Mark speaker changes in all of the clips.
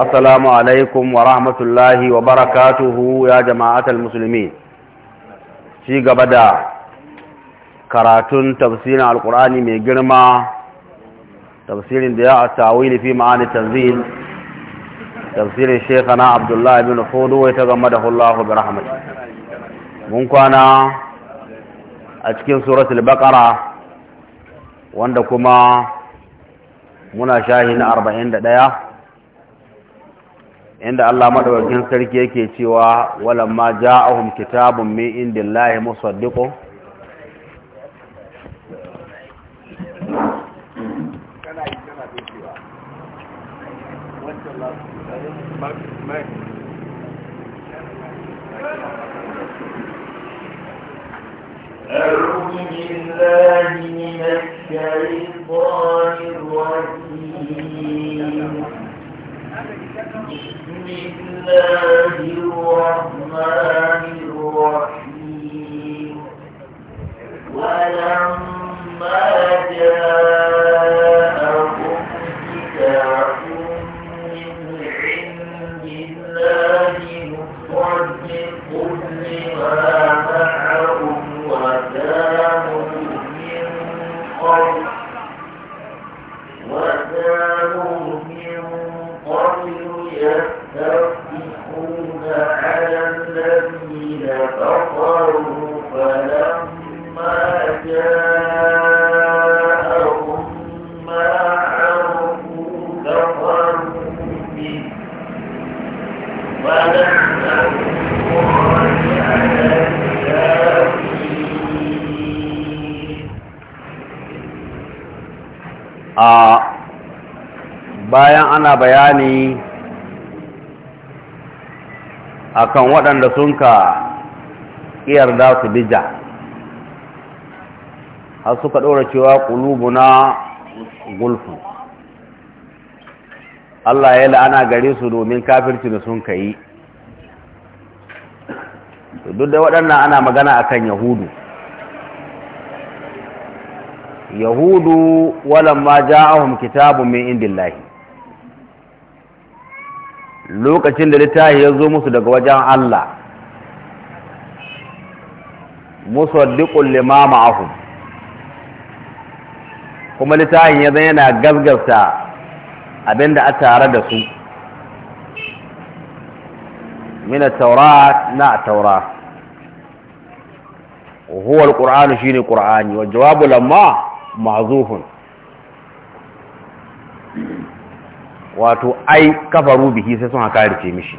Speaker 1: السلام عليكم ورحمة الله وبركاته يا جماعة المسلمين في قبدا كراتون تفسير على القرآن من جرمى تفسير دياء التعويل في معاني التنزيل تفسير شيخنا عبد الله بن فود ويتغمده الله برحمته منكوانا أتكين سورة البقرة وندكما منا شاهين أربعين دقيقة inda Allah madaukakin sarki yake cewa ma ja'ahum kitabun min indillahi musaddiqun
Speaker 2: أعوذ بالله من الشيطان الرجيم بسم الله الرحمن
Speaker 1: bayani akan waɗanda sun ka da su bija har suka ɗora cewa na gulfu Allah ya la'ana gare su domin kafirci da sun ka yi duk da waɗannan ana magana akan yahudu yahudu walamma ja'ahum kitabun min indillahi lokacin da littafi ya zo musu daga wajen Allah musaddiqul lima ma'ahum kuma littafin ya zan yana gasgasta abinda a tare da su min at-taurat na at huwa al shine qur'ani wa jawabu lamma ma'zuhun wato ai kafaru bihi sai sun hakarice mishi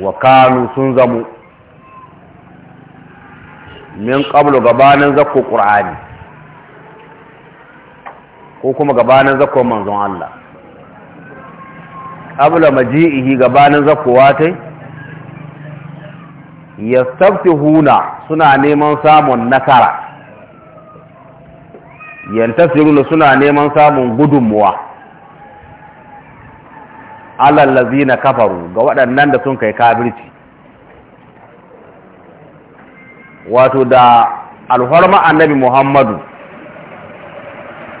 Speaker 1: wa kanu sun zamu min qablu gabanin zakko qur'ani ko kuma gabanin zakko manzon Allah qabla maji'ihi gabanin zakko tai yastaftihuna suna neman samun nasara yantasiruna suna neman samun gudunmuwa alallazi na kafaru ga waɗannan da sun kai kabirci wato da alfarma annabi muhammadu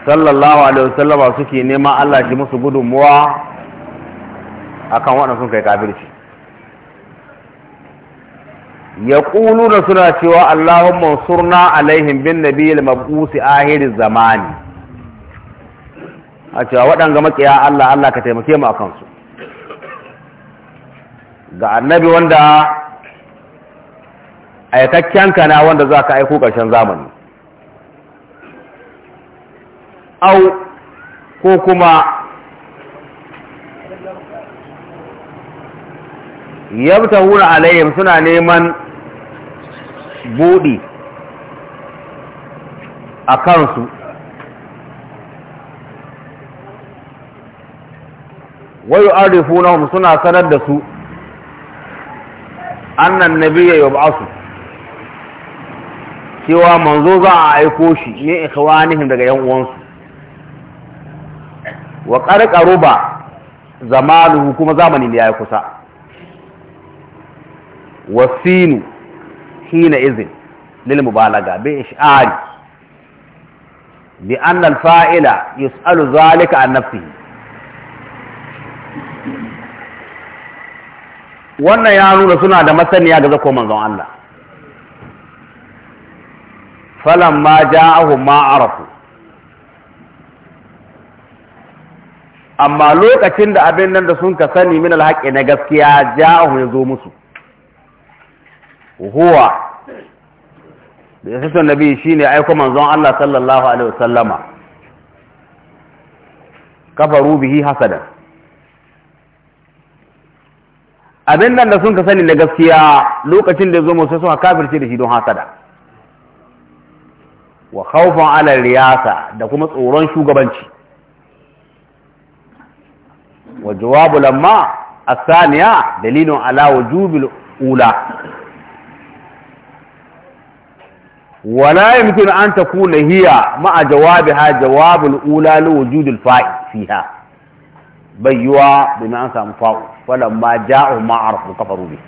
Speaker 1: sallallahu alaihi wasallama suke neman allah shi musu gudunmuwa akan waɗanda sun kai kafirci ya ƙuluna suna cewa Allahun mansurna alaihin bin nabi al-mabusi ahiri zamani a cewa waɗanga maƙiya Allah Allah ka taimake mu a kansu ga annabi wanda aikakken kana wanda za ka aiko ƙarshen zamani au ko kuma yabtahuna alaihim suna neman buɗi a kansu wayu arifunahum suna sanar da su annan nabiyya yub'asu cewa manzo za a aiko shi ne ikhwanihim daga yan uwansu wa qarqaruba zamanu kuma zamani ne ya kusa wasinu hina izin lil mubalaga bi ish'ari bi anna al fa'ila yus'alu zalika an nafsihi wannan ya nuna suna da masaniya ga zako manzon Allah falamma ja'ahum ma arafu amma lokacin da abin nan da sun ka sani min alhaƙi na gaskiya ja'ahu ya zo musu huwa da yasassun nabi shine aiko manzon Allah sallallahu alaihi wasallama kafaru bihi hasada abin nan da sun ka sani na gaskiya lokacin da zo musu suka kafirce da shi don hasada wa khawfan ala riyasa da kuma tsoron shugabanci wa jawabu lamma dalilin dalilun ala وجوب ula. ولا يمكن أن تكون هي مع جوابها جواب الأولى لوجود الفاعل فيها بيوا بما أنسى مفاعل فلما جاءوا ما عرفوا كفروا به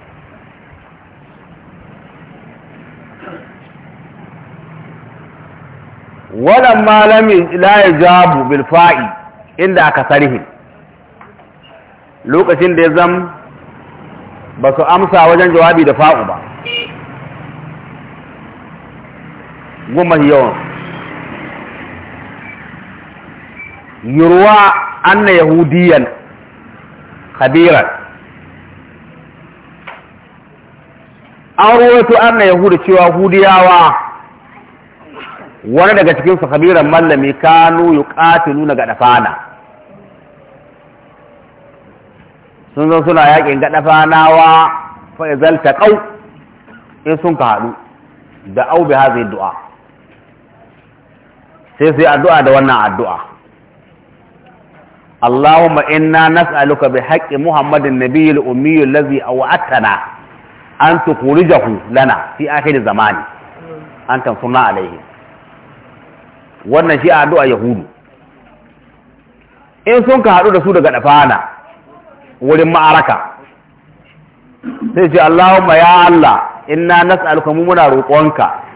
Speaker 1: ولما لم لا يجابوا بالفاعل عند أكثرهم لوكسين دي زم بس أمسى وجن جوابي دفاعوا بقى goma yawan yurwa anna yahudiyan kabiran an ruwaito anna cewa hudiyawa wani daga cikinsu kabiran mallami kanu yuqatilu nuna gadafana sun zan suna yakin gaɗafanawa fa'izal ta kau in sun ka haɗu da au bi hadhihi du'a sai su yi addu'a da wannan addu'a Allahumma inna nas'aluka bi haƙƙi Muhammadin nabiyil ummiyil a aw'atana an tukhrijahu lana fi akhir zamani an tansurna alaihi wannan shi addu'a yahudu in sun ka haɗu da su daga ɗafana wurin ma'araka sai ce Allahumma ya Allah inna nas'aluka mu muna roƙonka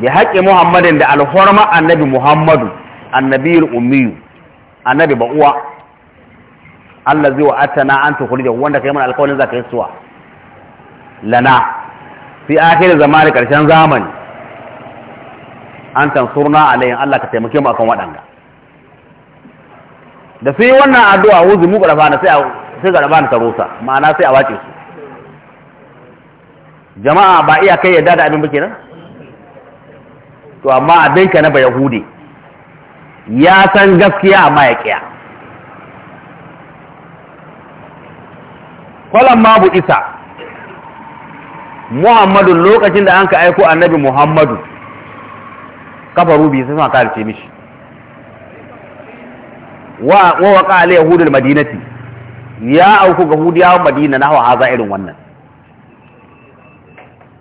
Speaker 1: bi haƙƙi muhammadin da alhorma annabi muhammadu annabiyul ummiyu annabi ba uwa Allah zai wa'ata na an tukuri da wanda kai mana alƙawarin za ka yi suwa lana fi akhir zamani karshen zamani an Allah ka mu akan da sai wannan addu'a wuzu mu garba na sai garba na tarosa ma'ana sai a wace su jama'a ba iya kai yadda da abin ba kenan to amma abin abinka na ba hude ya san gaskiya amma ya kiya kwalan ma isa muhammadu lokacin da an ka aiko annabi muhammadu kafa rubi sai suna ce mishi wa waka ala yahudul madinati ya auku ga hudiyawan madina na hawa haza irin wannan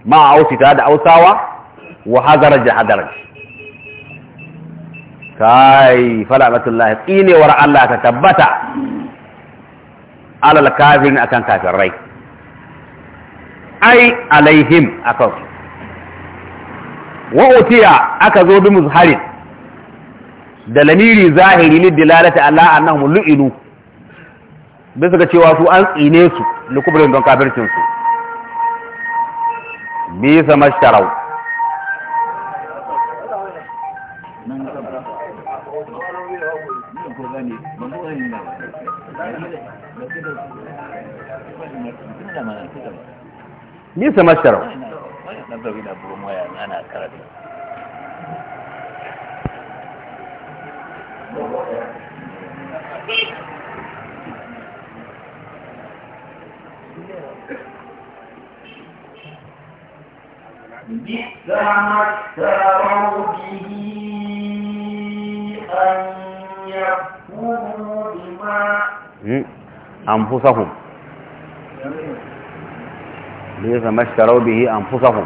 Speaker 1: ma ausi ta da ausawa wa hazaraja hadaraj kai falamatullahi tsinewar Allah ta tabbata alal kafirin akan kafirai ai alaihim akan wa utiya aka zo bi muzharin da lamiri zahiri lidilalata ala annahum lu'inu bisa ga cewa su an tsine su lukubrin don kafircin su bisa mashtarau nisa masharau Bisa masyarakat
Speaker 2: Bihi An Yakubu Ima
Speaker 1: hmm. Amfusahum بئس ما اشتروا به أنفسهم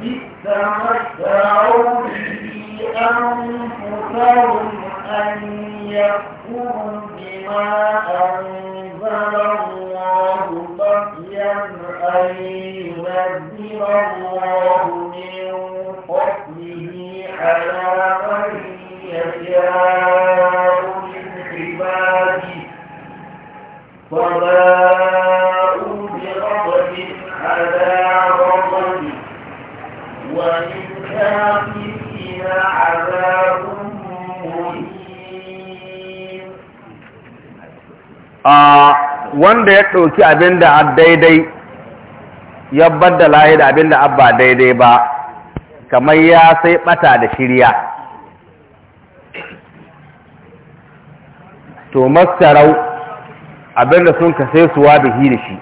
Speaker 2: بئس ما اشتروا به أنفسهم أن يكفروا بما أنزل الله بغيا أن ينزل الله
Speaker 1: wanda ya ɗauki abin da daidai ya baddala da abin da abba daidai ba kamar ya sai ɓata da shirya to masarau da sun ka sai suwa bihi da shi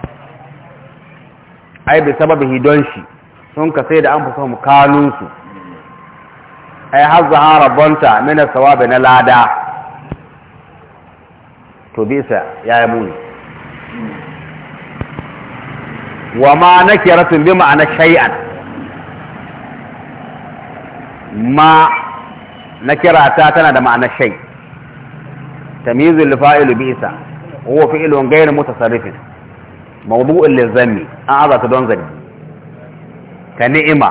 Speaker 1: ai saba bihi don shi sun kase da an fusa mukanunsu ai har zahara bonta mina sawabi na lada to bisa ya yi muni wa ma nakiratun bi ma'ana shay'an ma nakirata tana da ma'ana shay tamyizul fa'ilu bi isa huwa fi'lun ghayr mutasarrifin mawdu'un lizanni an azata don zanni ka ni'ima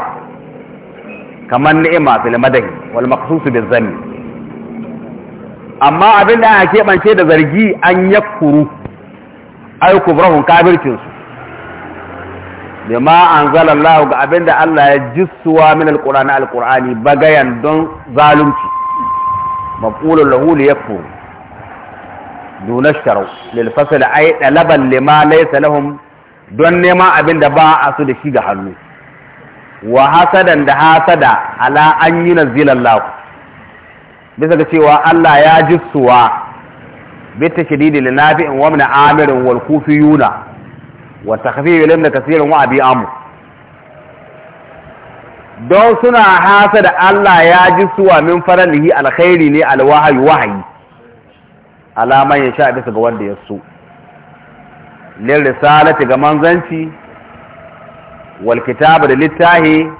Speaker 1: kamar ni'ima fil madahi wal maqsus bil zanni amma abin da ake bance da zargi an yakuru ay kubrahun kafircin su bima anzalallahu ga abinda Allah ya jissuwa min alqur'ani alqur'ani don zalunci maqulun lahu li yakfur دون الشرع للفصل أي طلبا لما ليس لهم don nema abin da ba a su da shi ga hannu wa hasadan da hasada ala an yi nazilan lahu bisa ga cewa Allah ya jissuwa bita shididi linafi'in wa amirin wal yuna. وتخفيف الابن كثير وابي امر don suna hasa da Allah ya ji suwa min faralihi alkhairi ne alwahayi wahayi alaman ya sha bisa ga wanda ya so lil risalati ga manzanci wal da littahi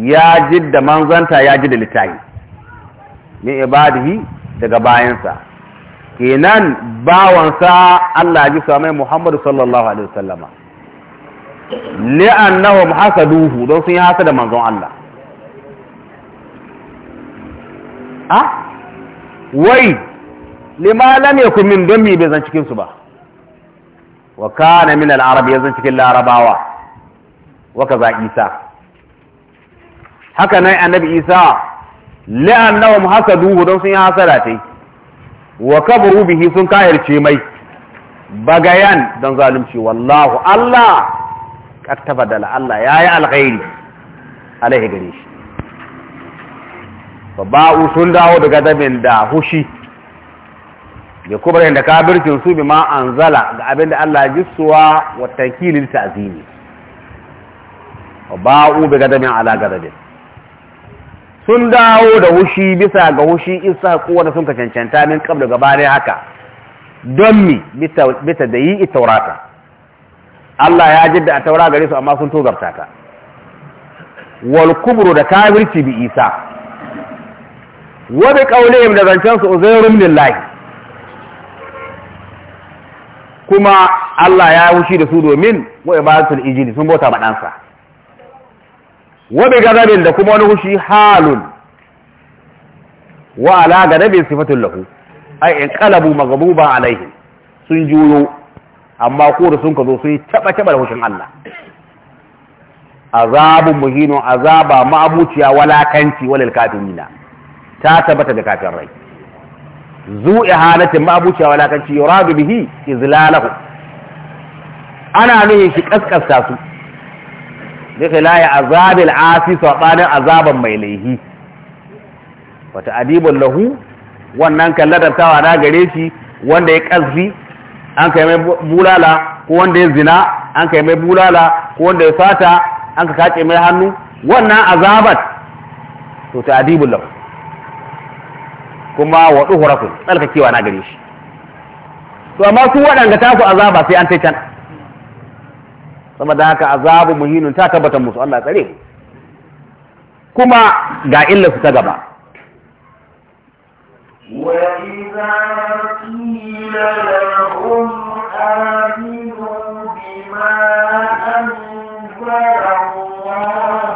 Speaker 1: ya ji da manzanta ya ji da littahi min ibadihi daga bayansa kenan bawansa Allah ji sa mai Muhammadu sallallahu alaihi wasallama li'annahum hasaduhu don sun yi hasa da manzon Allah a ah? wai lima lam yakun min don dami bai zan cikin su ba wa kana min al-arab zan cikin larabawa wa kaza isa haka nan annabi isa li'annahum hasaduhu don sun yi hasada tai wa kabaru bihi sun kayarce mai bagayan don zalunci wallahu Allah kattafa da Allah ya yi alghairi alaihi gare shi ba'u sun dawo daga dabin da hushi ya kubar da kabirkin su bi ma anzala ga abin da Allah jisuwa wa tankilin ta'zimi ba'u bi gadabin ala gadabin sun dawo da hushi bisa ga hushi isa kowane sun ka cancanta min kabda ne haka don mi bisa da yi taurata Allah ya jidda a taura gare su amma sun tozarta ta wal kubru da kafirci bi isa wani kaule qawlihim da zancen su uzairun lillahi kuma Allah ya wushi da su domin wa ibadatul ijili sun bauta ma ɗansa. wa bi gadabin da kuma wani hushi halun wa ala gadabin sifatun lahu ai in qalabu maghduba alaihi sun juyo amma ko da sun kazo sun taba taba da hushin Allah azabun muhinu azaba ma'abuciya walakanci walil kafirina ta tabbata da kafin rai zu ihanatin ma'abuciya walakanci yuradu bihi izlalahu
Speaker 2: ana nuhin shi kaskasta
Speaker 1: su بخلاف عذاب العاصي سبحانه azaban mai laihi wata adibun lahu wannan kan ladabtawa na gare shi wanda ya kazzi an kai mai bulala ko wanda ya zina an kai mai bulala ko wanda ya fata an ka kace mai hannu wannan azabat to ta adibun lahu kuma wa duhurafin tsalkakewa na gare shi to amma su waɗanda taku azaba sai an tai can sama da haka azabu muhinun ta tabbatar musu Allah tsare mu kuma ga illa su ta gaba
Speaker 2: وَإِذَا قِيلَ لَهُمْ آمِنُوا بِمَا أَنزَلَ اللَّهُ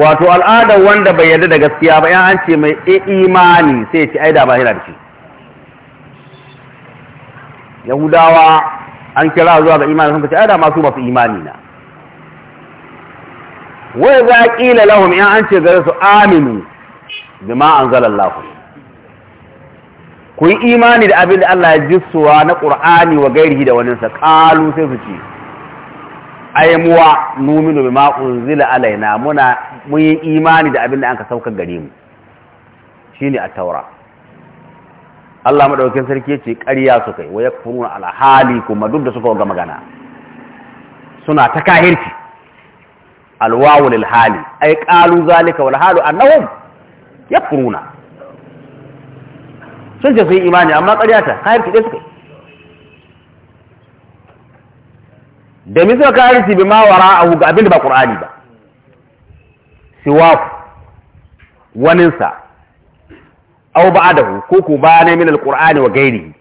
Speaker 1: wato al'ada wanda bai yarda da gaskiya ba yan an ce mai eh, imani sai ce ai da ba yana da shi yahudawa an kira zuwa ga imani sun ce ai da ma su masu imani na wai za qila lahum yan an ce gare su aminu bima Allah ku yi imani da abin da Allah ya jissuwa na Qur'ani wa gairihi da wani sa qalu sai su ce ai muwa numinu bima unzila alaina muna mun yi imani da abin da anka saukar gare mu shine a taura Allah madaukakin sarki yace ƙarya su kai wa yakfuruna ala hali kuma duk da suka ga magana suna ta kahirci alwawu lil hali ai qalu zalika wal halu annahum yakfuruna sun ce su yi imani amma ƙarya ta kahirci dai su kai da mi suka kare bi ma wara'ahu ga abin da ba qur'ani ba siwaf waninsa au aw ba'dahu ko ko bayanai min alqur'ani wa ghairihi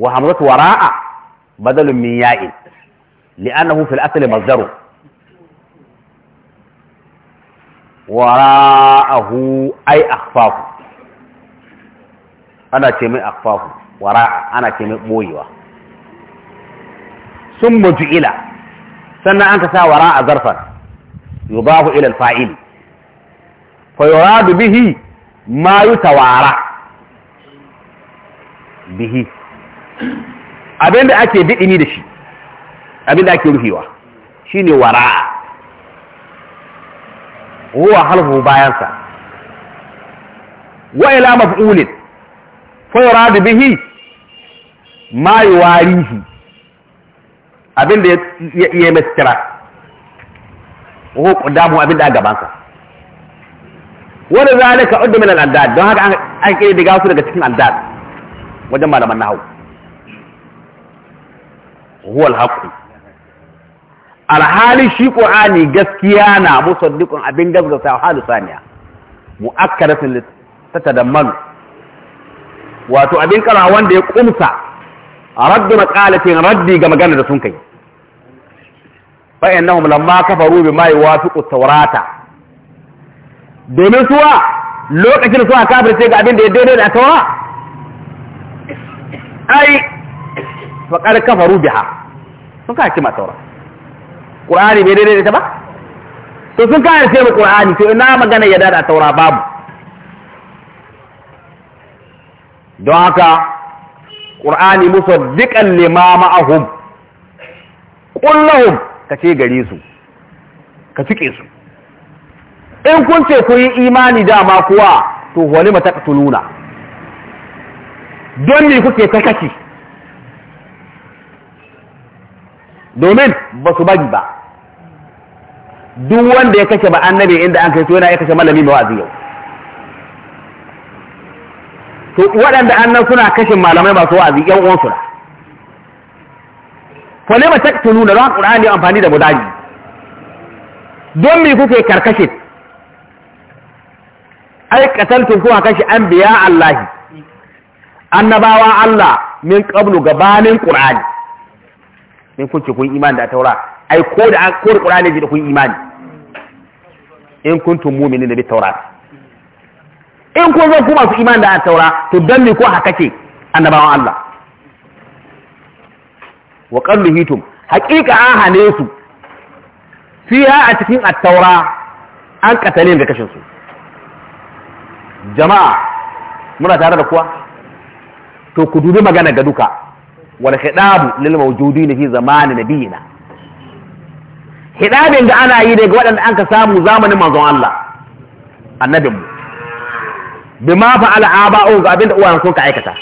Speaker 1: wa hamzatu wara'a badalun min ya'i li'annahu fil asli masdaru wara'ahu ay akhfafu ana ce mai akhfafu wara'a ana ce mai boyewa sun maju'ila sannan an ka sa wara a zarfan yubahu ila alfa'il fa yuradu bihi ma yutawara bihi abinda ake bidini da shi abinda ake ruhewa shine wara huwa halfu sa. wa ila maf'ulin fa yuradu bihi ma yuwarihi abin da ya iya mai kira ko damu abin da a gabansa wani zalika ka min al-addad don haka an kire diga su daga cikin al'adad wajen malaman na hau huwal haqq alhali shi qur'ani gaskiya na musaddiqun abin da ta sa halu saniya da manu wato abin kara wanda ya kumsa raddi maqalatin raddi ga magana da sun kai fa innahum lamma kafaru bima yuwafiqu tawrata domin suwa lokacin suwa kafirce ga abin da ya daidai da tawa ai kafa rubi biha sun ka kima taura qur'ani bai daidai da ta ba to sun ka yarce mu qur'ani to ina magana ya dada taura babu don haka qur'ani musaddiqan lima ma'ahum qul lahum ka ce gare su ka cike su in kun ce ku yi imani dama kuwa to wani mata tununa don me kuke ta kashi domin ba su bagi ba duk wanda ya kashe ba annabi inda an kai to yana ya kashe malami ba wa'azi yau to waɗanda annan suna kashin malamai masu wa'azi yan uwansu na wale ma taqtuluna ran qur'ani amfani da mudaji don kuka yi karkashe ai tun kuwa kashi biya Allah annabawa Allah min qablu gabanin ƙura'ani min kunce kun imani da taura ai ko da ko da qur'ani ji da kun imani in kuntum da bi taura in kun zo kuma su imani da taura to don mai ko haka ce annabawan Allah wa Hitun, haƙiƙa an hane su fiya a cikin attaura, an katalin da kashin su jama'a muna tare da kuwa to ku dubi magana ga duka wal khidabu lil mawjudin fi zamanin biyina? hidabin da ana yi daga waɗanda an ka samu zamanin manzon Allah annabinmu bima fa aba'u ga abinda uwayen sun ka aikata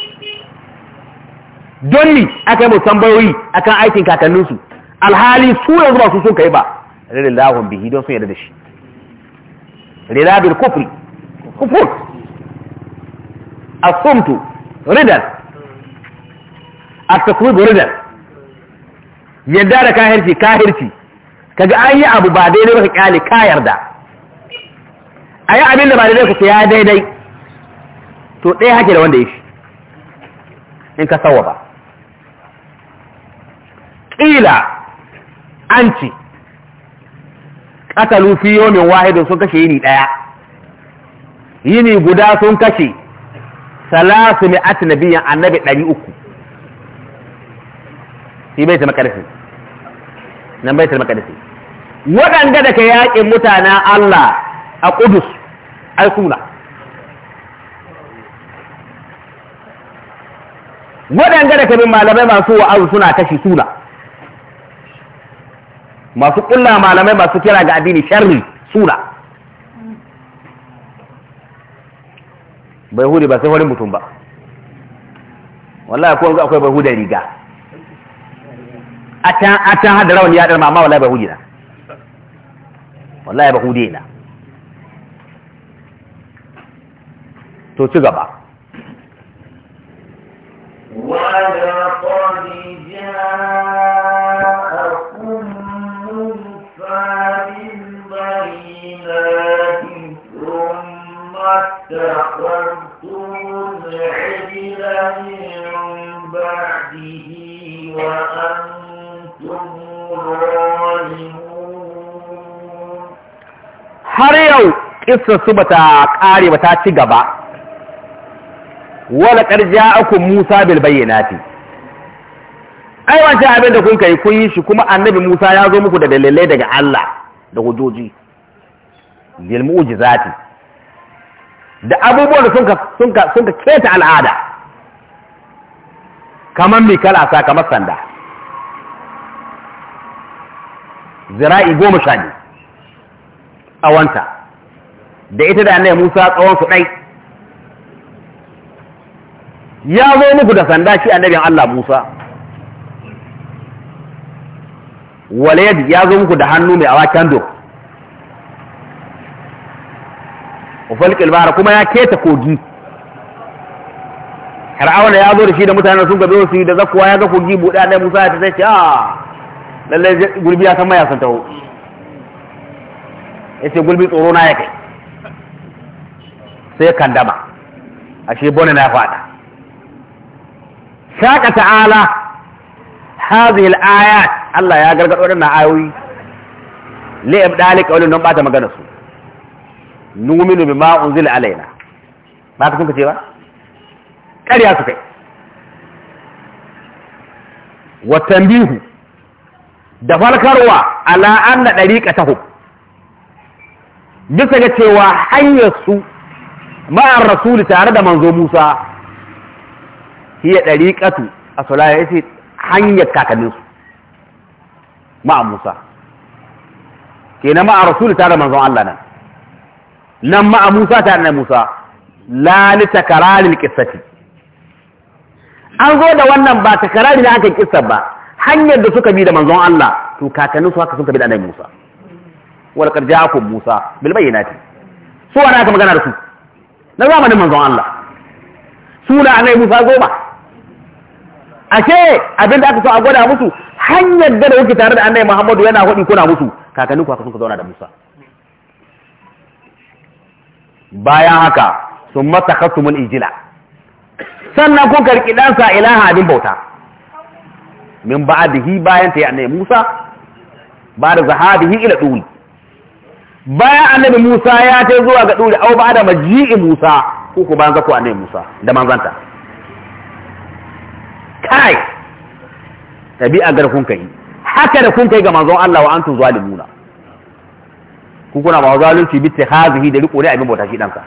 Speaker 1: don ni aka yi a kan aikin kakanninsu alhali su yanzu ba su sun kai ba rida lahon bihi don sun yarda da shi rida bil kufri kufur sumtu ridan at da ridan yadda da kahirci kahirci ga an yi abu ba daidai ba ka kyale ka yarda a yi abin da ba daidai ka ce ya daidai to ɗaya hake da wanda ya shi in ka sawa ba ƙila an ce ƙatalu fi yomin wahidin sun kashe yini ɗaya yini guda sun kashe salasu mai ati nabiyan annabi ɗari uku shi bai taimaka da nan bai taimaka da waɗanda da ka yaƙin mutanen Allah a ƙudus ai suna waɗanda da ka bin malamai masu wa'azu suna kashi suna masu kulla malamai masu kira ga addini sharri sura, bai hude ba sai wani mutum ba wallahi ko ga akwai bai hude riga a can a hada rawani ya dar mama wallahi bai hude na wallahi bai hude na to ci gaba
Speaker 2: qadi جاء
Speaker 1: Isar su bata kare ba ta ci gaba wala qad aku Musa bil bayyinati ai wancan abin da kun kai kun yi shi kuma annabi Musa ya zo muku da dalilai daga Allah da hujoji bil mu'jizati da abubuwan da sunka sunka sunka keta al'ada kamar mai kala sa kamar sanda zira'i goma sha ne a wanta da ita da annabi Musa tsawon su dai ya zo muku da sanda shi annabin Allah Musa walayad ya zo muku da hannu mai awakan do ufalkil bahar kuma ya keta kogi Fir'auna ya zo da shi da mutanen sun gabe su yi da zakuwa ya ga kogi buɗe annabi Musa ya ta ce ah lallai gulbi ya san maya san taho ce gulbi tsoro na ya kai sai kandama ashe bone na faɗa shaka ta'ala hadhihi al Allah ya gargado na ayoyi li ibdali qawlin don bata magana su numinu bima unzila alaina ba ka kuka ce ba ƙarya su kai wa bihu da farkarwa ala anna dariqatahu bisa ga cewa hanyar su ma'ar rasuli tare da manzo Musa hiya dariqatu asulaya yace hanyar kakannin su Musa. Ke na ma'ar rasuli tare da manzon Allah nan nan ma'a Musa tare da Musa lani takararin takararil an zo da wannan ba takarari da aka kissa ba hanyar da suka bi da manzon Allah to kakannin haka sun tabi da annabi Musa wal qad ja'akum Musa bil bayyinati su ana aka magana da su na zamanin manzon Allah suna anai musa goma ashe abin da aka so a gwada musu hanyar da kuke tare da annabi Muhammadu yana hudi kuna musu kakannin ku aka sun ka zauna da Musa bayan haka sun matakasumul ijila sannan kun karki ɗansa ilaha abin bauta min ba'adihi bayan ta yi annabi Musa ba da zahabihi ila ɗuli bayan annabi Musa ya ta zuwa ga ɗuri au ba da maji'i Musa ko ku banza ku annabi Musa da manzanta kai tabi'a a kun kai haka da kun kai ga manzon Allah wa antum zalimuna ku kuna ba zalunci bi hazihi da riko da abin bauta shi danka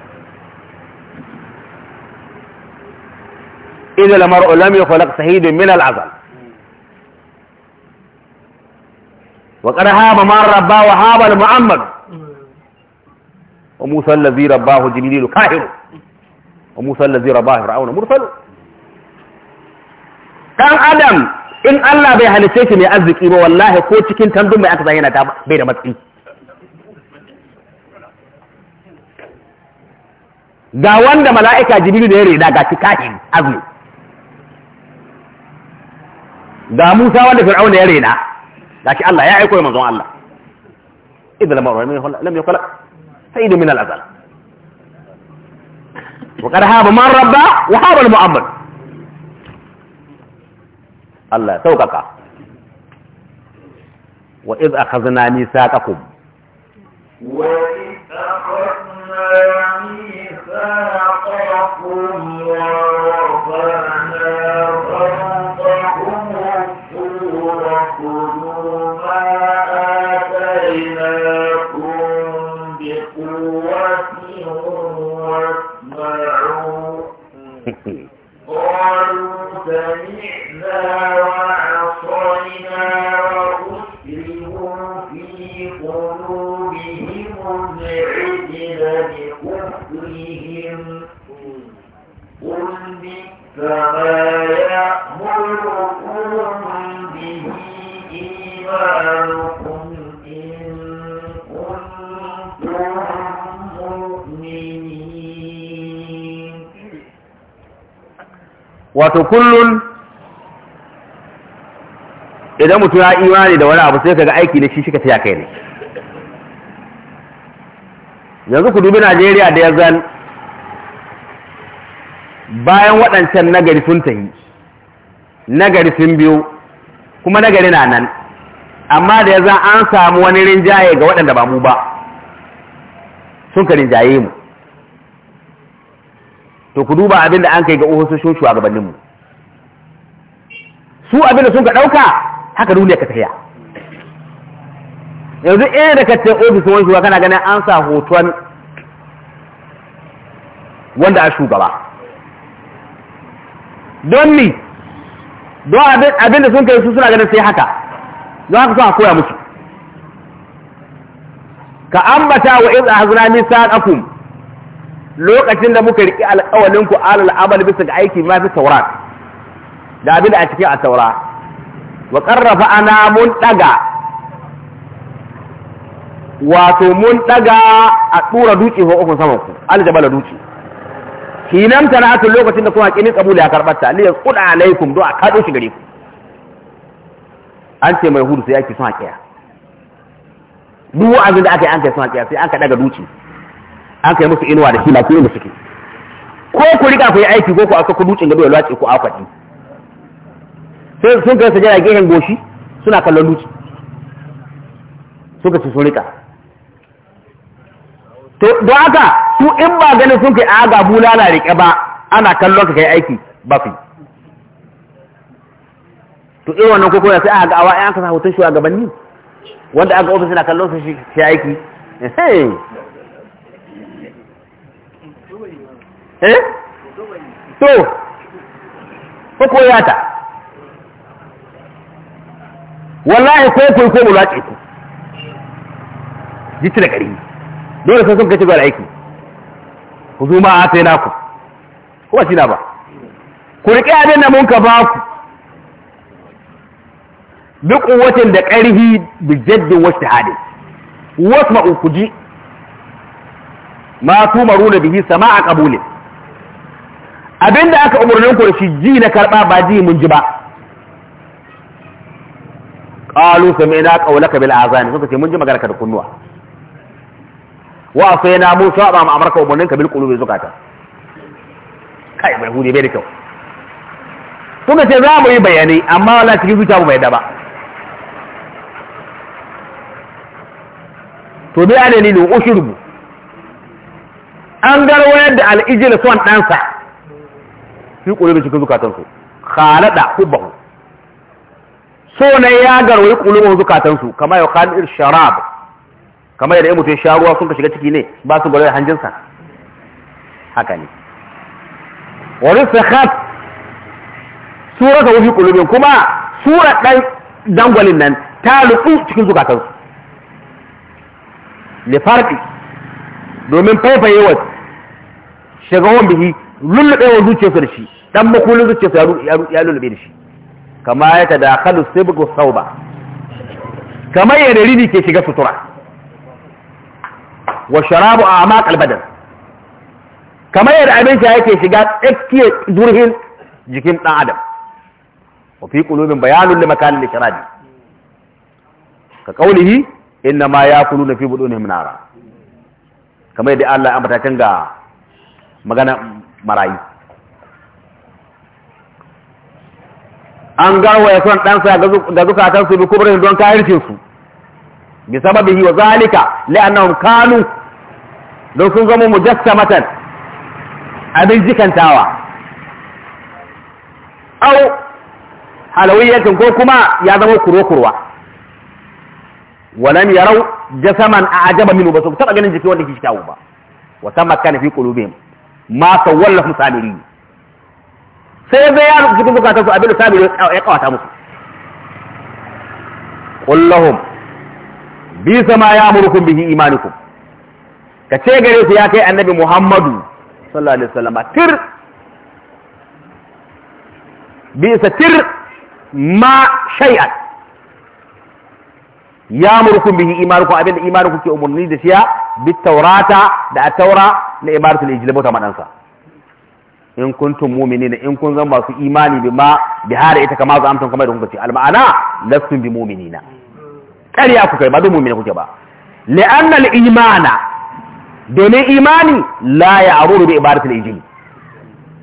Speaker 1: idza al-mar'u lam yukhlaq sahidun min al-azal وقد هاب من wa وهاب المؤمن wa musa allazi rabbahu jibrilu kahiru wa musa allazi rabbahu fir'auna mursalu dan adam in Allah bai halice shi mai arziki ba wallahi ko cikin tandun mai aka zayyana ta bai da matsi ga wanda mala'ika jibrilu da ya reda ga shi kahin azumi ga Musa wanda Fir'auna ya rena gashi Allah ya aiko manzon Allah idan lam ne lam kula. سيد من الأزل وقد هاب من ربا وهاب المؤمن الله سوقك وإذ أخذنا ميثاقكم
Speaker 2: وإذ أخذنا ميثاقكم ورفعنا
Speaker 1: wato kullun idan mutum ya imani da wani abu sai ka ga aiki ne shi shi ka taya kai ne yanzu ku dubi najeriya da ya zan bayan waɗancan nagari sun tahi nagari sun biyo kuma nagari na nan amma da ya zan an samu wani rinjaye ga waɗanda ba mu ba sun ka rinjaye mu to ku duba abin da an kai ga ofisoshin shugabanninmu su abin da sun ka ɗauka haka duniya ka tafiya yanzu in eh da ka ce ofisin shugaba kana ganin an sa hoton wanda a shugaba don ni don abin da sun kai su suna ganin sai haka don haka sun koya musu ka ambata wa iz ahzna misaqakum lokacin da muka riƙe alƙawalin ku alal amal bisa ga aiki ma fi da abin da a cikin a taura wa qarrafa ana mun daga wato mun daga a tura duci ko ukun saman ku aljabala duci hinan tanatu lokacin da kuma kini kabula ya ta liya yaqul alaikum do a kado shi gare ku an ce mai hudu sai yake son hakiya duk wa'azin da aka yi an kai son hakiya sai an daga duci an kai musu inuwa da shi lafi inda suke ko ku riga ku yi aiki ko ku aka ku dutsen gado ya lwace ku akwati sai sun kai sajada gehen goshi suna kallon dutse suka ci sun rika to don haka su in ba ganin sun kai aga bulala rike ba ana kallon ka kai aiki ba fi to irin wannan kokoya sai aka ga awa an ka sa hoton ni wanda aka ofis na kallon su shi aiki eh to ko koya ta wallahi ko ko ko mulaƙi ku jitti da ƙari dole sai sun kace zuwa aiki ku zuma a sai naku ko ba shi na ba ku riƙe abin da mun ka ba ku duk wutan da ƙarfi bi jaddin wasu hadin wasu ma'ukuji ma tumaru da bihi sama a ƙabulin Abin da aka umarnin ku da shi ji na karba ba ji mun ji ba qalu sami'na qawlaka bil azan suka ce mun ji magana ka da kunnuwa wa asayna musa ba mu amarka umarnin ka bil qulubi zukata kai mai hudi bai da kyau Kuma ce za mu yi bayani, amma wala cikin zuciya mu bai da ba to bi ana lilin ushurbu an garwayar da al'ijil son ɗansa fi da cikin zukatansu khalada hubbahu so ne ya garwayi qulubun zukatansu kama ya khalid sharab kama yadda mutum sha ruwa sun ka shiga ciki ne ba su da hanjinsa haka ne wani wa risakhat surata wufi qulubin kuma sura dan dangwalin nan ta rufu cikin zukatansu li farqi domin faifayewar wani bihi lullube wa zuciyarsa da shi dan makulin zuciyarsa ya lullube da shi kama ya ta dakhalu sau sauba kamar yadda rini ke shiga sutura wa sharabu a amaq albadan kamar yadda abin sha yake shiga tsakiyar durhin jikin dan adam wa fi qulubin bayanun li makalil sharabi ka qawlihi inna ma yakuluna fi budunihim nara kamar yadda Allah ya ambata kan ga magana marayu an garwaya son ɗansa ga zukatansu bi kubrin don kayarcinsu bi sababin yi wa zalika la'annahum kanu don sun zama mujassamatan abin jikantawa au halawiyyatin ko kuma ya zama kurokurwa kurwa walam yarau jasaman a ajaba minu ba su taɓa ganin jiki wanda ke shi kyawu ba wata makana fi ƙulubin ma ka wallahu samiri sai zai ya cikin bukatar su abin samiri ya kawata musu kullahum bi sama ya amurkum bihi imanikum ka ce gare su ya kai annabi muhammadu sallallahu alaihi wasallam tir bi sa tir ma shay'an ya murkum bihi imanukum abinda imanukum ke umurni da shiya bi taurata da a taura na ibaratul ijil bauta maɗansa. in kuntum mu'minina in kun zan masu imani ma bi hada ita kama za amtan kamar da kuka ce alma'ana ma'ana lastum bi mu'minina ƙarya kuka ba dun mu'mina kuke ba li'anna al imana domin imani la ya'ruru bi ibaratul ijil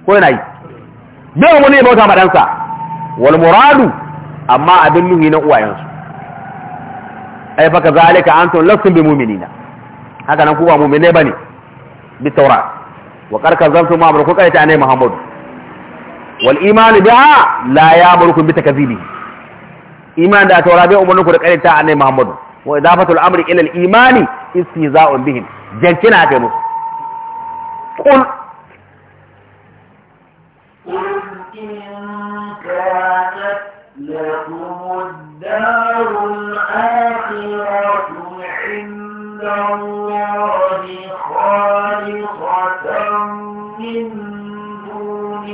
Speaker 1: ko yana yi bai wani bauta madansa wal muradu amma abin nuhi na uwayensu ai baka zalika antum lastum bi mu'minina haka nan ku ba mu'mine bane bi tawra wa qad kazzabtum amru ku kai ta ne muhammad wal iman biha la ya'murukum bi takzibi iman da tawra bai umarnu ku da kai ta ne muhammad wa idafatul amri ila al imani istihza'un bihim jankina kai musu qul
Speaker 2: قل إن كانت لكم دار الآخرة عند الله خالصة من دون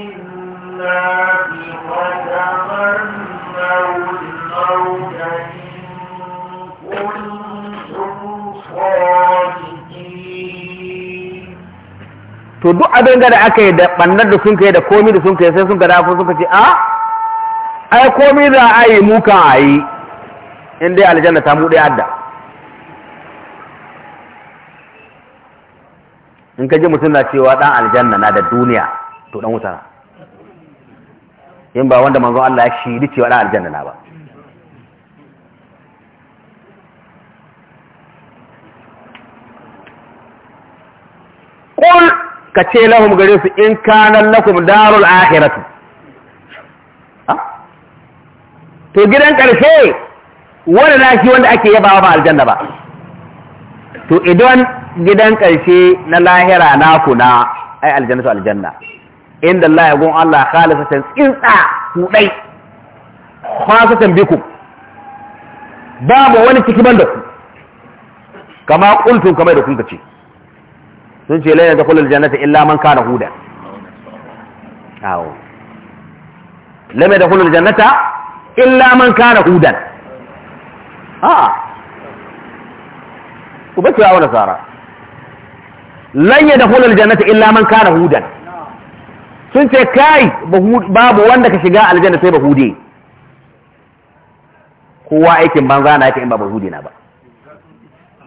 Speaker 2: فتمنوا الموت إن كنتم صادقين
Speaker 1: to duk abin da aka yi da ɓannar da sun kai da komi da sun kai sai sun gada sun suka ce a ah, ai komi za a yi mukan a yi in dai aljanna ta muɗe adda in ka ji mutum na cewa ɗan aljanna na da duniya to ɗan wuta in ba wanda manzon Allah ya shiri cewa ɗan aljanna na ba Ƙul ka ce lahum gare su in kanan lakum darul akhiratu to gidan ƙarshe wani na shi wanda ake yabawa ba aljanna ba to idan gidan ƙarshe na lahira ku na ai aljanna to aljanna inda Allah ya gun Allah khalisatan tsinsa khalisa khasatan biku babu wani ciki da ku kama qultum kamar da kun kace sun ce la yadkhulu aljannata illa man kana huda awo lam yadkhulu aljannata illa man kana hudan ha ku cewa wa nasara lan yadkhul aljannata illa man kana hudan sun ce kai babu wanda ka shiga aljanna sai hude. kowa aikin banza na yake in ba hude na ba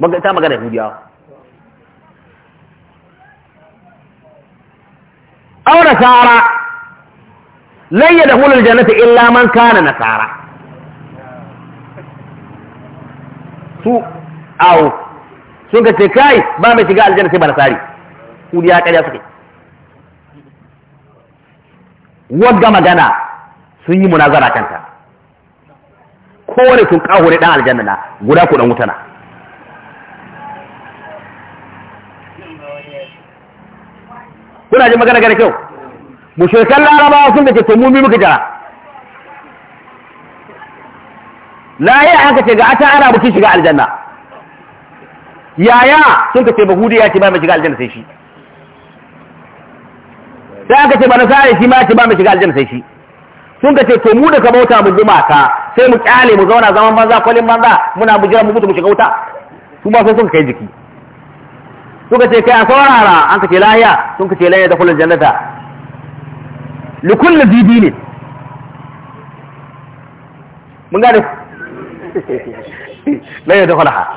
Speaker 1: maga ta magana hudiya aure sara lan yadkhulu aljannata illa man kana nasara su au sun ka ce kai ba mai shiga aljanna sai ba nasari ku ya ƙarya suke wadda magana sun yi munazara kanta kowane sun ƙahure dan aljanna na guda ku dan wutana
Speaker 2: kuna ji magana gane kyau
Speaker 1: mushrikan larabawa sun da ke tumumi muka jara a haka ce ga ata ana buki shiga aljanna yaya sun ka ce ya ce ba mai shiga aljanna sai shi sai aka ce ba nasara shi ma ce ba mai shiga aljanna sai shi sun ka ce to mu da ka bauta mu ka sai mu kyale mu zauna zaman banza kwalin banza muna bujira mu mutu mu shiga wuta su ma sai sun kai jiki suka ce kai a saurara an ka ce lahiya sun ka ce lahiya da kullum jannata likulli zibi ne mun gane laye da dakhala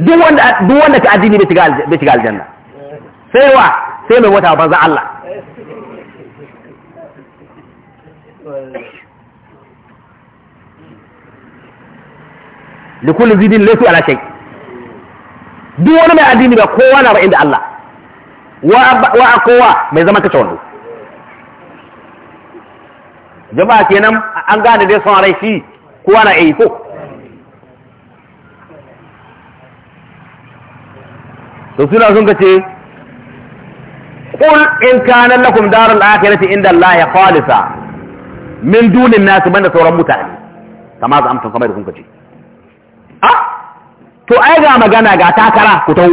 Speaker 1: duk wanda ka addini bai shiga aljanna sai
Speaker 2: wa sai mai wata banza Allah
Speaker 1: likulli zibi laysu ala shay duk wani mai addini ba kowa na ba inda Allah wa kowa mai zama kacce wando jama'a kenan an gane dai son rai shi kowa na yi ko to suna sun ka ce kul in kana lakum darul akhirati inda Allah ya khalisa min dunin nasu banda sauran mutane kama za amsa kamar da kun ka ce ah to ai ga magana ga takara ku tau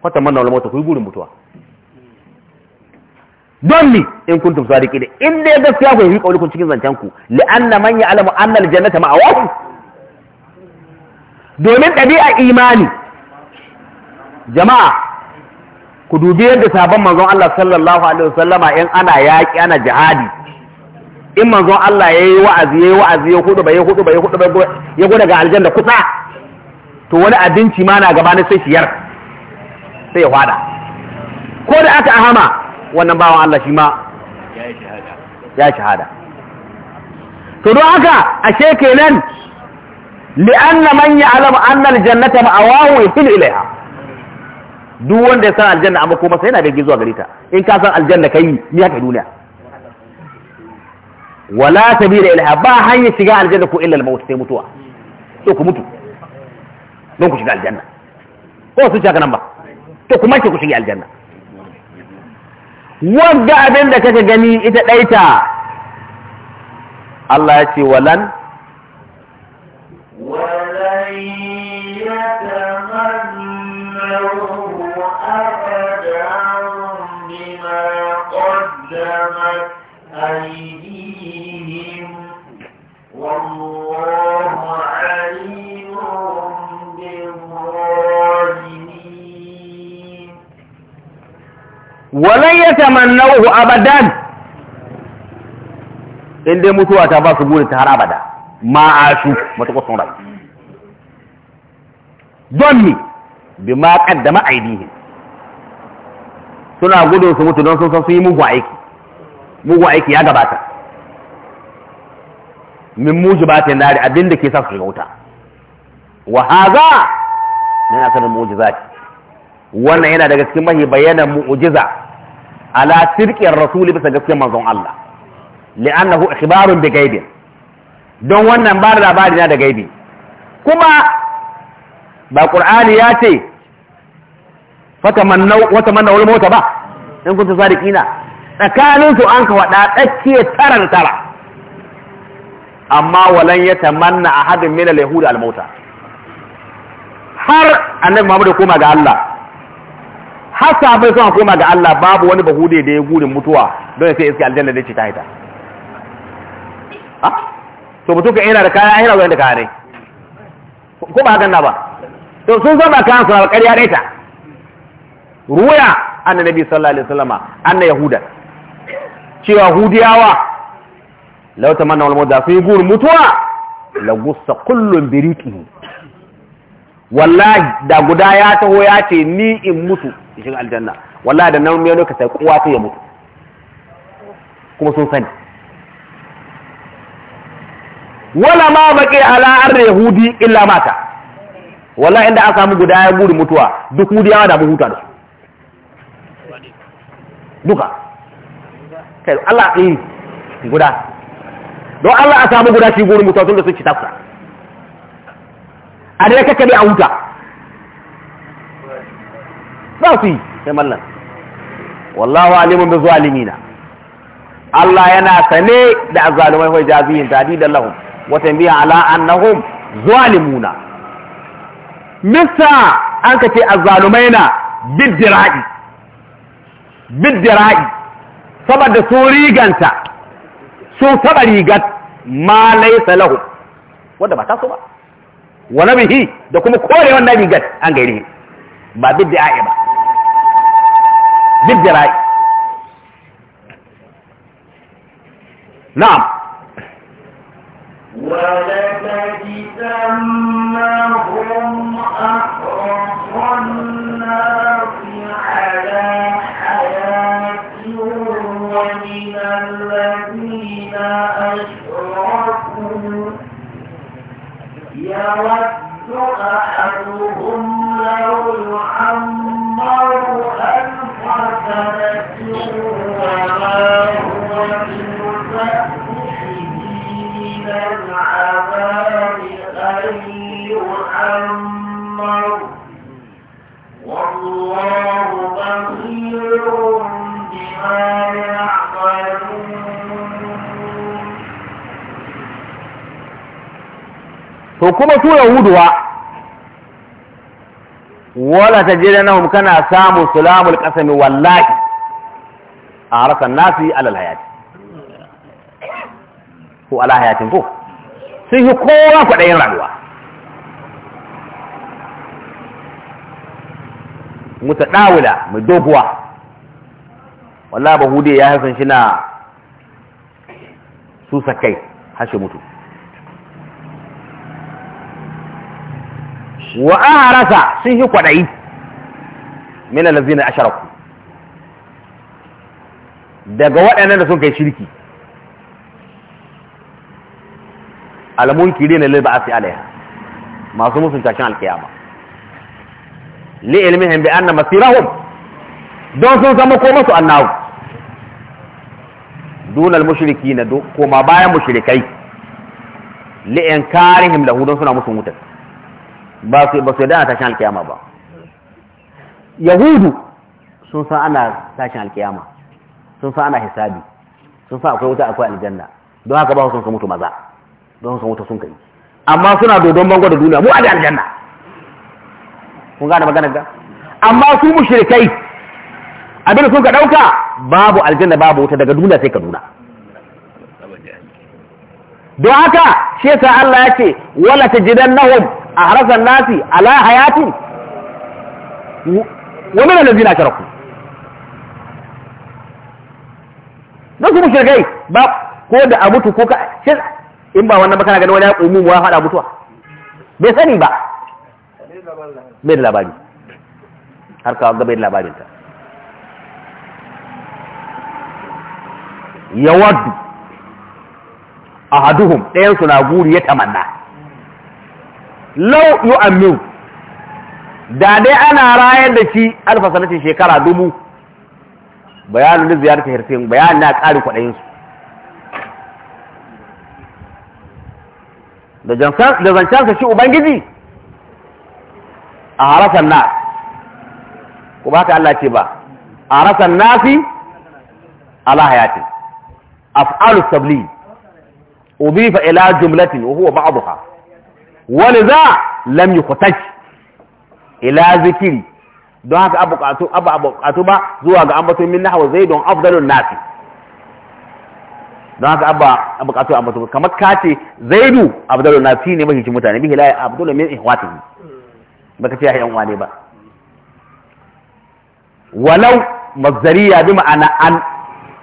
Speaker 1: kwatan manna wal mota ku yi gurin mutuwa don ni in kuntum sadiqin in dai gaskiya ku yi kaulikun cikin zancen ku li anna man ya'lamu anna aljannata ma'awahu domin ɗabi'a imani jama'a ku dubi yadda sabon manzon Allah sallallahu alaihi wasallama in ana yaƙi ana jihadi in manzon Allah yayi wa'azi yayi wa'azi ya hudu bai hudu bai hudu bai ya gode ga aljanna kusa to wani abinci ma na gaba na sai shiyar sai ya fada ko da aka ahama wannan bawan Allah shi ma ya shahada to don haka ashe kenan li'anna man ya'lamu anna al-jannata ya fili ilaiha duk wanda ya san aljanna amma kuma sai yana da gizo a gare ta in ka san aljanna kai ni haka duniya wala ta sabila ilaiha ba hanyar shiga aljanna ko illa al sai mutuwa to ku mutu don ku shiga aljanna ko su shaka nan ba to ku ke ku shiga aljanna wanda abin da kaka gani ita ɗaita Allah ya ce walan أيديهم walai ya tamannahu abadan in dai mutuwa ta ba su burin ta har abada ma mata matuƙa sun rayu don mi bi ma kaddama aidihin suna gudun su mutu don sun san su yi mugu aiki mugu aiki ya gabata min ba nari abin abinda ke sa su shiga wuta wa haza muji za mu'jizati wannan yana daga cikin mahi bayanan mu'ujiza ala sirqin rasuli bisa gaskiyar manzon Allah li'annahu ikhbarun bi gaibi don wannan ba labari na da gaibi kuma ba ƙur'ani ya ce fatamanna wa tamanna wal mauta ba in kuntum sadiqina tsakanin su an ka wada tsakiye taran tara amma walan yatamanna a hadin al-yahudi al-mauta har annabi Muhammad ya koma ga Allah har sabai sun koma ga Allah babu wani bahude da ya gurin mutuwa don ya sai iske aljanna da ce ta haita to mutum ka ina da kaya ahira wani da kaya ne ko ba hakan na ba to sun zama kayan suna ƙarya ne ta ruwaya anna nabi sallallahu alaihi wasallama anna yahuda cewa hudiyawa law tamanna wal sun fi gur mutuwa la gussa kullun biriqihi wallahi da guda ya taho ya ce ni in mutu cikin aljanna wallahi da nan mai lokaci kowa sai ya mutu kuma sun sani wala ma baki ala ar yahudi illa mata wallahi inda aka samu guda ya guri mutuwa duk mudiyawa da mu huta da duka kai Allah eh guda don Allah a samu guda shi guri mutuwa tun da sun ci tafsa a dai kake bi a huta za su yi sai mallan wallahu alimun bi zalimina Allah yana sane da azalumai wa jazihin da lahum wa tambiya ala annahum zalimuna misa an kace azalumai na bidira'i bidira'i saboda su riganta su saba rigat ma laysa lahum wanda ba ta so ba wa nabihi da kuma kore wannan rigat an gairi ba bidda'i ba بالذراع نعم
Speaker 2: ولتجدنهم أحرص الناس على حياتهم ومن الذين أشركوا يود أحدهم لو يعمر ألف to kuma su yahuduwa
Speaker 1: wala tajidannahum kana samu sulamul qasam wallahi rasa nasi alal hayati ko ala hayatin ko sun yi kowa kwaɗayin rayuwa mutu ɗawula mai doguwa ba bahude ya haifin shi na su sakai hashe mutu wa aharasa sun yi kwaɗayi min allazina asharaku daga waɗannan da sun kai shirki almunkiri ne lil ba'asi alaiha masu musun tashin alkiyama li ilmihim bi anna masirahum don sun zama ko masu annahu dunal mushriki na koma bayan mushrikai li inkarihim lahu don suna musu wutar ba su ba su da tashin alkiyama ba yahudu sun san ana tashin alkiyama sun san ana hisabi sun san akwai wuta akwai aljanna don haka ba su san mutu maza don san mutu sun kai amma suna dodon bango da duniya mu a aljanna kun gane magana ga amma su mushrikai abin sun ka dauka babu aljanna babu wuta daga duniya sai ka duna don haka shi yasa Allah ya ce wala ta a ahrasan nasi ala hayatin wa min Na sharaku don su gai ba ko da a mutu ko ka shi in ba wannan ba gani wani ya kumu ya fada mutuwa bai sani ba bai da labari har kawo ga bai da labarinta yawon ahaduhum ɗayan su na guri ya tamanna law amin da dai ana rayar da shi alfa sanatin shekara dubu bayanin da ziyarta hirsin bayanin na ƙari kwaɗayinsu su da zancensa shi ubangiji a harasan na ku ba ka Allah ce ba a harasan nasi ala hayati af'alu sabli أضيف إلى جملة وهو بعضها ولذا لم يحتج إلى ذكري don haka abu bukatu ba zuwa ga ambaton min nahawa zai nasi don haka abu bukatu ambaton zaidu afdalun nasi ne mahicin mutane bihi la afdalun min ihwatihi baka ce yan wane ba walau mazdariya bi ma'ana an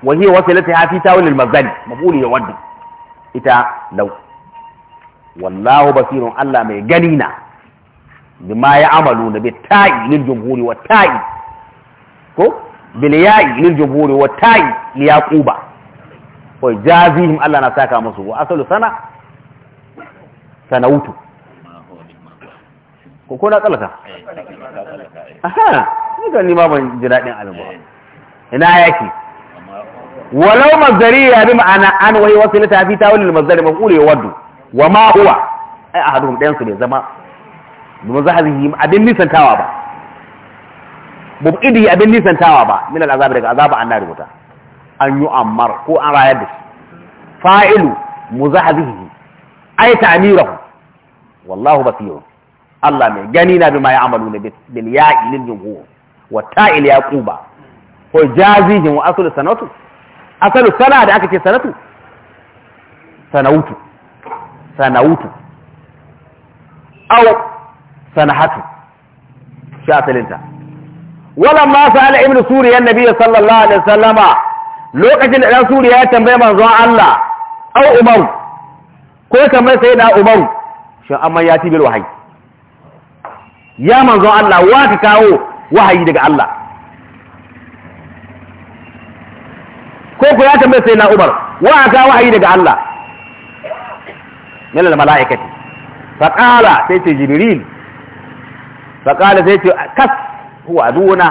Speaker 1: wa hiya wasilatu ha fi ita lau wallahu basirun Allah mai gani na bima ya amalu na bi ta'i lil jumhuri wa ta'i ko bil ya'i lil jumhuri wa ta'i li yaquba wa jazihim Allah na saka musu wa asalu sana sanautu ko ko na kalaka
Speaker 2: eh. aha
Speaker 1: ni ga ni ma ban ji dadin alba eh. ina yake
Speaker 2: walau mazdariya bi
Speaker 1: ma'ana an wahi wasu lita fi tawil al mazdari maf'ul yawaddu wa ma huwa ai ahaduhum dan su bai zama domin zahabi abin nisantawa ba mubidi abin nisantawa ba min al azab daga azaba annar wuta an yu'ammar ko an rayar da shi fa'ilu muzahadihi ai ta'mirahu wallahu basirun Allah mai gani na bima ya'maluna bil ya'i lil jumhur wa ta'il yaquba ko jazihin wa sanatu asalin sana da aka ce sanatu sanautu sanautu au sanahatu shi asalinta walamma sa'ala ibnu suriya annabi sallallahu alaihi wasallama lokacin da dan suriya ya tambaye manzon Allah au umaru ko tambaye sayyida umaru shin amma ya tibil wahayi ya manzon Allah wa ka kawo wahayi daga Allah ko ya tambaye sai na Umar wa aka wahayi daga Allah min al malaikati fa sai ce Jibril faqala sai ce kas huwa aduna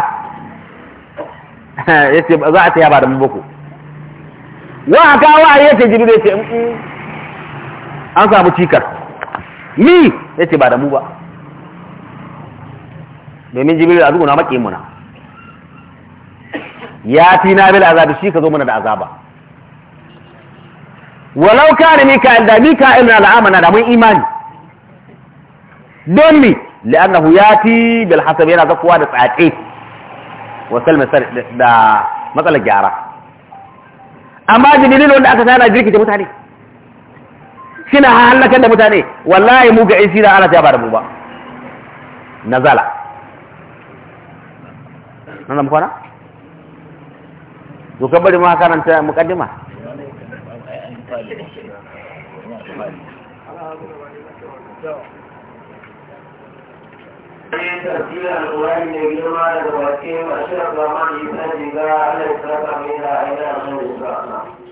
Speaker 1: yace za a taya ba da mu boko wa aka wahayi yace Jibril yace an samu cikar ni yace ba da mu ba domin Jibril aduna maki muna ya fi na bil azabi shi ka zo mana da azaba walau kana mika'il da mika'il na al'amana da mun imani don mi li'annahu yati bil hasab yana zakuwa da tsatsi wa salma da matsalar gyara amma jibril wanda aka sana da mutane suna halakar da mutane wallahi mu ga in shi da ana ta ba da mu ba nazala nan da mu kwana to ka bari ma karanta mukaddima
Speaker 2: Thank you.